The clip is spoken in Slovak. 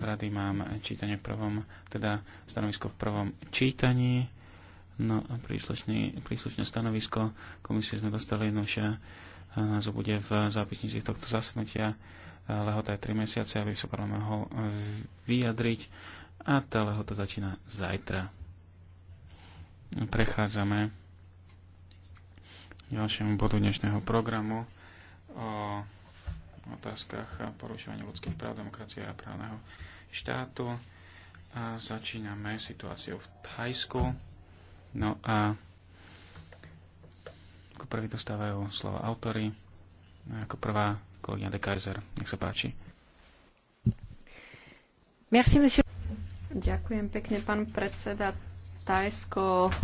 rady mám čítanie v prvom, teda stanovisko v prvom čítaní. No a príslušný, príslušné stanovisko komisie sme dostali jednoduchšie eh, nás bude v zápisnici tohto zasnutia. Eh, lehota je 3 mesiace, aby sa parlament mohol vyjadriť a tá lehota začína zajtra. Prechádzame k ďalšiemu bodu dnešného programu o otázkach porušovania ľudských práv, demokracie a právneho štátu. A začíname situáciou v Thajsku. No a ako prvý dostávajú slova autory. No Ako prvá kolegyňa de Kaiser. Nech sa páči. Merci, monsieur. Ďakujem pekne, pán predseda. Tajsko